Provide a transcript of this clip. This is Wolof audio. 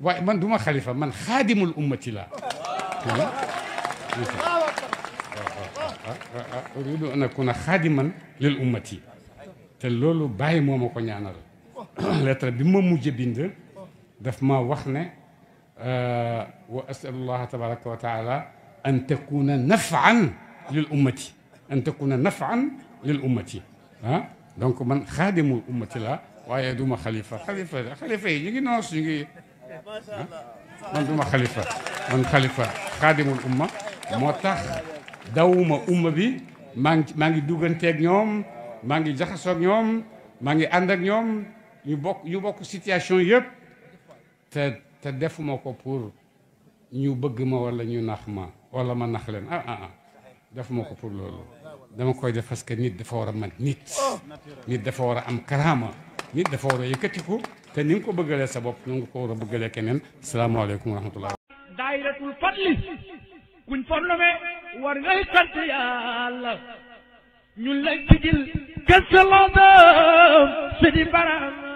waaye man du ma xalifa man xaadimul ummati laa uridu an akuna xaadiman lil ummati te loolu bàyyi moo ma ko ñaanal lettre bi ma mujj bind daf ma wax ne euh, wa asalullaha tabaraka wa taala an takuna nafan lil ummati an takuna nafan lil ummati ah donc man xaadimul ummati la waaye du ma xalifa xalifa xalifa yi ñu ngi noos ñu ngi man duma xalifa man xalifa xaadimul umma moo tax dawuma umma bi maa ngi maa ngi dugganteeg ñoom maa ngi jaxasoog ñoom maa ngi ànd ak ñoom ñu bokk ñu bokk situation yëpp te te defuma ko pour ñu bëgg ma wala ñu nax ma wala ma nax leen ah ah ah defuma ko pour loolu dama koy def parce que nit dafa war a man nit nit dafa war a am karaama nit dafa war a yëkkatiku te ni ko bëggalee sa bopp noonu nga ko war a keneen salaamaaleykum wa rahmatullah daayiratul fadli kuñ fornome war ngay sant yàlla ñun lay tijil gëstaloon sidi baram